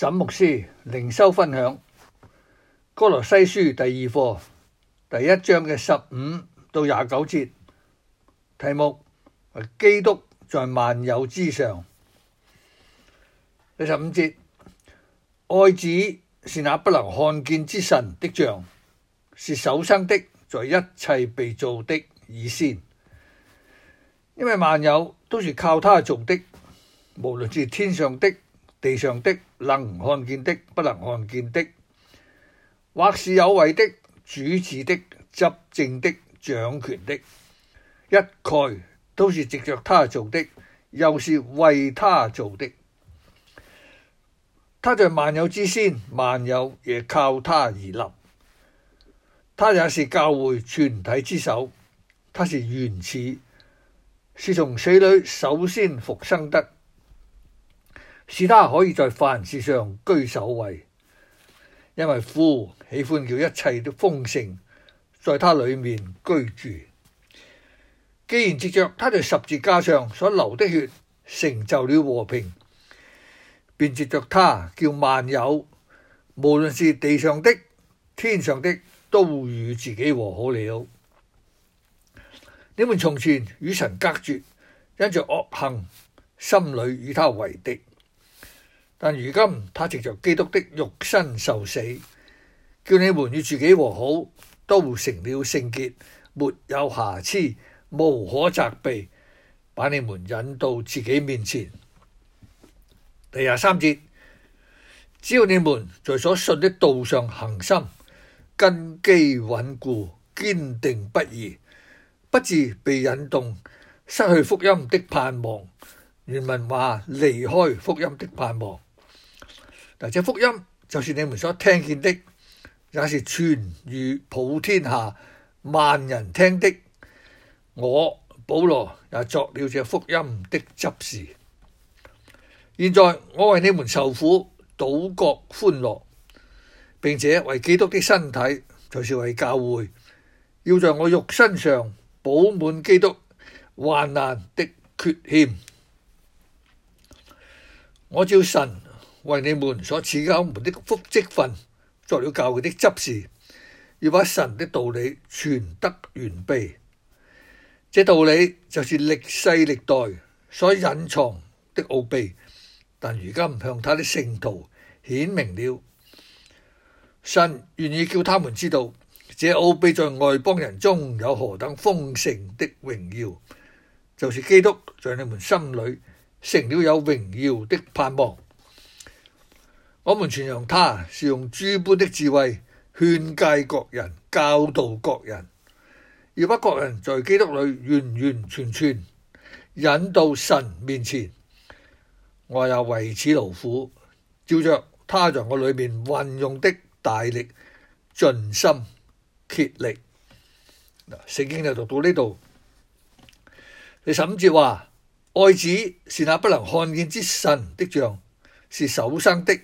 沈牧師靈修分享《哥羅西書》第二課第一章嘅十五到廿九節，題目：基督在萬有之上。第十五節：愛子是那不能看見之神的像，是首生的，在一切被造的以先，因為萬有都是靠他造的，無論是天上的。地上的能看見的，不能看見的，或是有位的、主治的、執政的、掌權的，一概都是藉着他做的，又是為他做的。他在萬有之先，萬有也靠他而立。他也是教會全體之首，他是原始，是從死裏首先復生的。使他可以在凡事上居首位，因為父喜歡叫一切的豐盛在他裏面居住。既然藉著他在十字架上所流的血成就了和平，便藉著他叫萬有，無論是地上的、天上的，都與自己和好了。你們從前與神隔絕，因着惡行，心裏與他為敵。但如今他藉着基督的肉身受死，叫你們與自己和好，都成了聖潔，沒有瑕疵，無可責備，把你們引到自己面前。第廿三節，只要你們在所信的道上恒心，根基穩固，堅定不移，不至被引動，失去福音的盼望。原文話離開福音的盼望。嗱，這福音就算你們所聽見的，也是傳與普天下萬人聽的。我保羅也作了這福音的執事。現在我為你們受苦，倒覺歡樂，並且為基督的身體，就是為教會，要在我肉身上補滿基督患難的缺欠。我照神為你們所賜給我們的職分，作了教會的執事，要把神的道理傳得完備。這道理就是歷世歷代所隱藏的奧秘，但如今向他的聖徒顯明了。神願意叫他們知道，這奧秘在外邦人中有何等豐盛的榮耀，就是基督在你們心裡成了有榮耀的盼望。我們傳揚他是用諸般的智慧勸誡各人、教導各人，要把各人在基督裡完完全全引到神面前。我也為此勞苦，照着他在我裡面運用的大力，盡心竭力。嗱，聖經就讀到呢度，你十五節話：愛子是那不能看見之神的像，是首生的。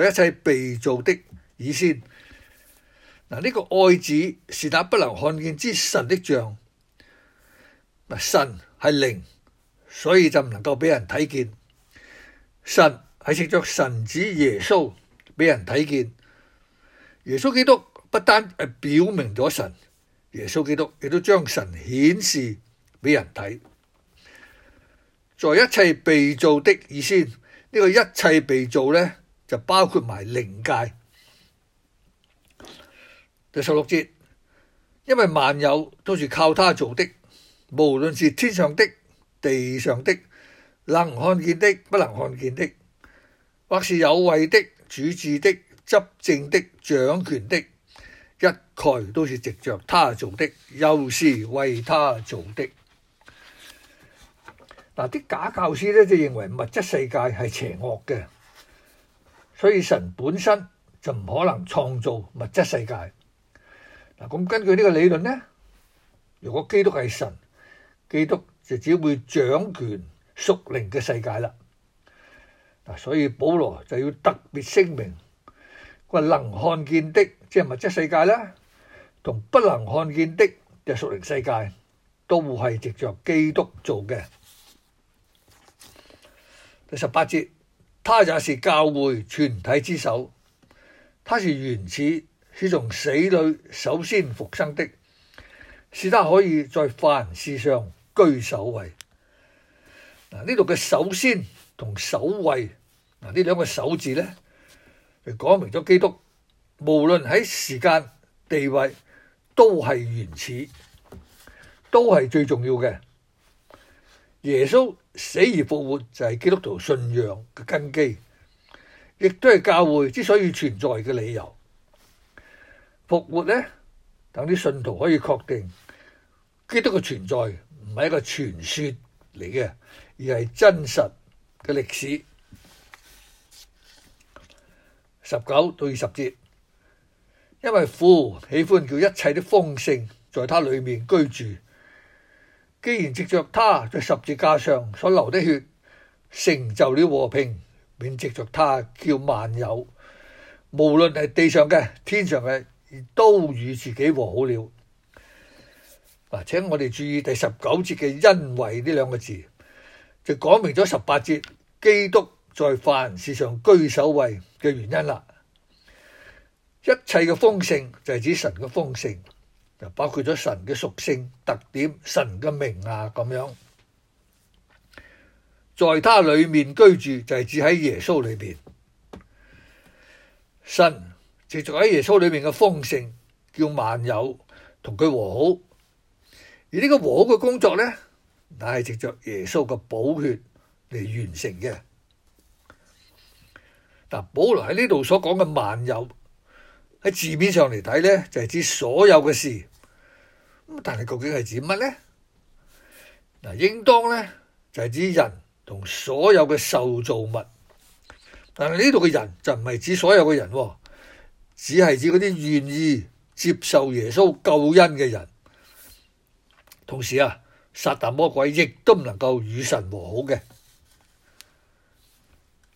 在一切被造的以先，嗱，這，呢個愛子是那不能看見之神的像。神係靈，所以就唔能夠俾人睇見。神係藉著神子耶穌俾人睇見。耶穌基督不單係表明咗神，耶穌基督亦都將神顯示俾人睇。在一切被造的以先，呢，這個一切被造」呢。就包括埋靈界。第十六節，因為萬有都是靠他做的，無論是天上的、地上的，能看見的、不能看見的，或是有位的、主治的、執政的、掌權的，一概都是藉着他做的，又是為他做的。嗱，啲假教師呢，就認為物質世界係邪惡嘅。所以神本身就唔可能創造物質世界。嗱，咁根據呢個理論咧，如果基督係神，基督就只會掌權屬靈嘅世界啦。嗱，所以保羅就要特別聲明，佢話能看見的即係物質世界啦，同不能看見的即屬靈世界，都係藉着基督做嘅。第十八節。他也是教會全體之首，他是原始，始，是從死裏首先復生的，使他可以在凡事上居首位。嗱，呢度嘅首先同首位，嗱呢兩個首字咧，就講明咗基督無論喺時間、地位都係原始，都係最重要嘅耶穌。死而復活就係基督徒信仰嘅根基，亦都係教會之所以存在嘅理由。復活呢，等啲信徒可以確定基督嘅存在唔係一個傳說嚟嘅，而係真實嘅歷史。十九到二十節，因為父喜歡叫一切的豐盛在祂裏面居住。既然藉着他在十字架上所流的血成就了和平，便藉着他叫萬有無論係地上嘅、天上嘅，亦都與自己和好了。嗱，請我哋注意第十九節嘅因為呢兩個字，就講明咗十八節基督在凡事上居首位嘅原因啦。一切嘅豐盛就係指神嘅豐盛。就包括咗神嘅屬性、特點、神嘅名啊，咁樣，在他裡面居住就係指喺耶穌裏邊，神藉著喺耶穌裏面嘅豐盛叫萬有同佢和好，而呢個和好嘅工作呢，乃係藉著耶穌嘅寶血嚟完成嘅。嗱，保羅喺呢度所講嘅萬有喺字面上嚟睇呢，就係指所有嘅事。咁但係究竟係指乜呢？嗱，應當呢就係指人同所有嘅受造物。但係呢度嘅人就唔係指所有嘅人，哦，只係指嗰啲願意接受耶穌救恩嘅人。同時啊，撒但魔鬼亦都唔能夠與神和好嘅。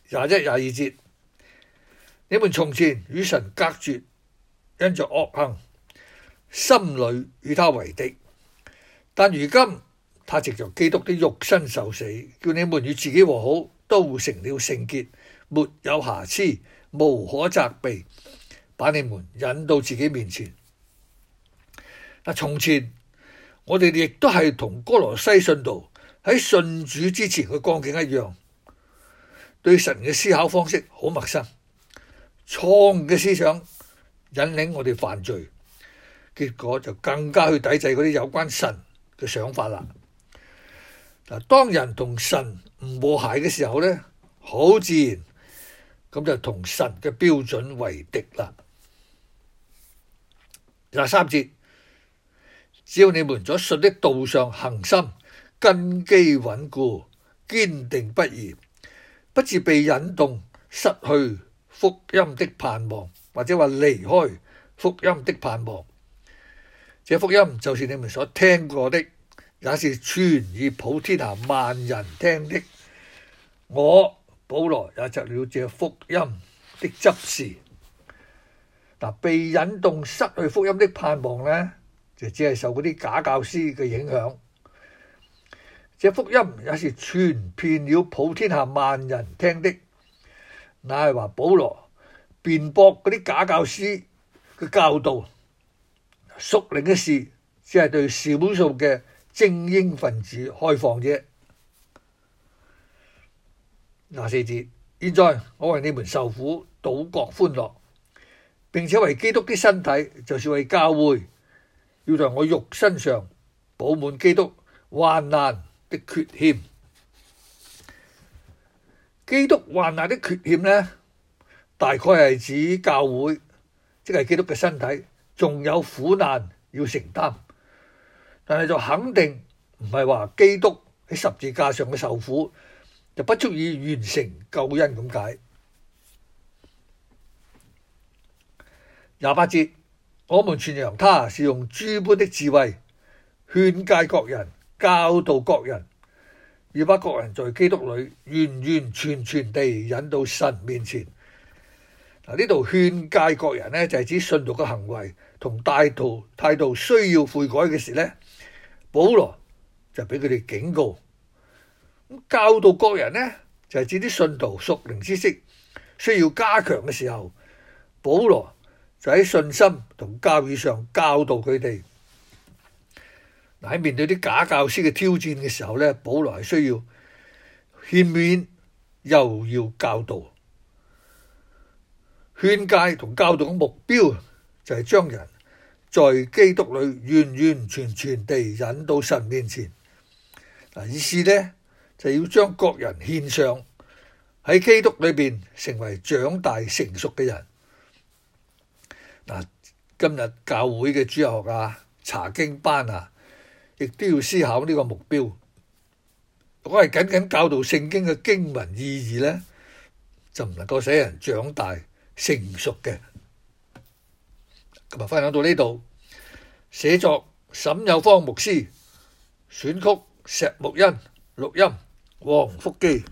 廿一、廿二節，你們從前與神隔絕，因着惡行。心裏與他為敵，但如今他藉着基督的肉身受死，叫你們與自己和好，都成了聖潔，沒有瑕疵，無可責備，把你們引到自己面前。那從前我哋亦都係同哥羅西信徒喺信主之前嘅光景一樣，對神嘅思考方式好陌生，錯誤嘅思想引領我哋犯罪。結果就更加去抵制嗰啲有關神嘅想法啦。嗱，當人同神唔和諧嘅時候咧，好自然咁就同神嘅標準為敵啦。廿三節，只要你們在信的道上恒心，根基穩固，堅定不移，不至被引動，失去福音的盼望，或者話離開福音的盼望。這福音就是你們所聽過的，也是傳與普天下萬人聽的。我保羅也作了這福音的執事。嗱，被引動失去福音的盼望呢，就只係受嗰啲假教師嘅影響。這福音也是傳遍了普天下萬人聽的。那係話保羅辯駁嗰啲假教師嘅教導。屬靈嘅事只係對少數嘅精英分子開放啫。嗱，四節，現在我為你們受苦，倒覺歡樂，並且為基督嘅身體，就是為教會，要在我肉身上，補滿基督患難的缺欠。基督患難的缺欠呢，大概係指教會，即係基督嘅身體。仲有苦難要承擔，但係就肯定唔係話基督喺十字架上嘅受苦就不足以完成救恩咁解。廿八節，我們傳揚他是用諸般的智慧，勸戒各人、教導各人，要把各人在基督裡完完全全地引到神面前。嗱，呢度勸戒國人呢，就係指信徒嘅行為同態度態度需要悔改嘅時呢，保羅就俾佢哋警告；咁教導國人呢，就係指啲信徒屬靈知識需要加強嘅時候，保羅就喺信心同教義上教導佢哋。嗱，喺面對啲假教師嘅挑戰嘅時候呢，保羅係需要勸勉，又要教導。勸誡同教導嘅目標就係將人在基督裏完完全全地引到神面前。嗱，意思呢就要將各人獻上喺基督裏邊，成為長大成熟嘅人。嗱，今日教會嘅主學啊、查經班啊，亦都要思考呢個目標。如果係僅僅教導聖經嘅經文意義呢，就唔能夠使人長大。成熟嘅，今日分享到呢度。寫作沈有方牧師，選曲石木欣，錄音黃福基。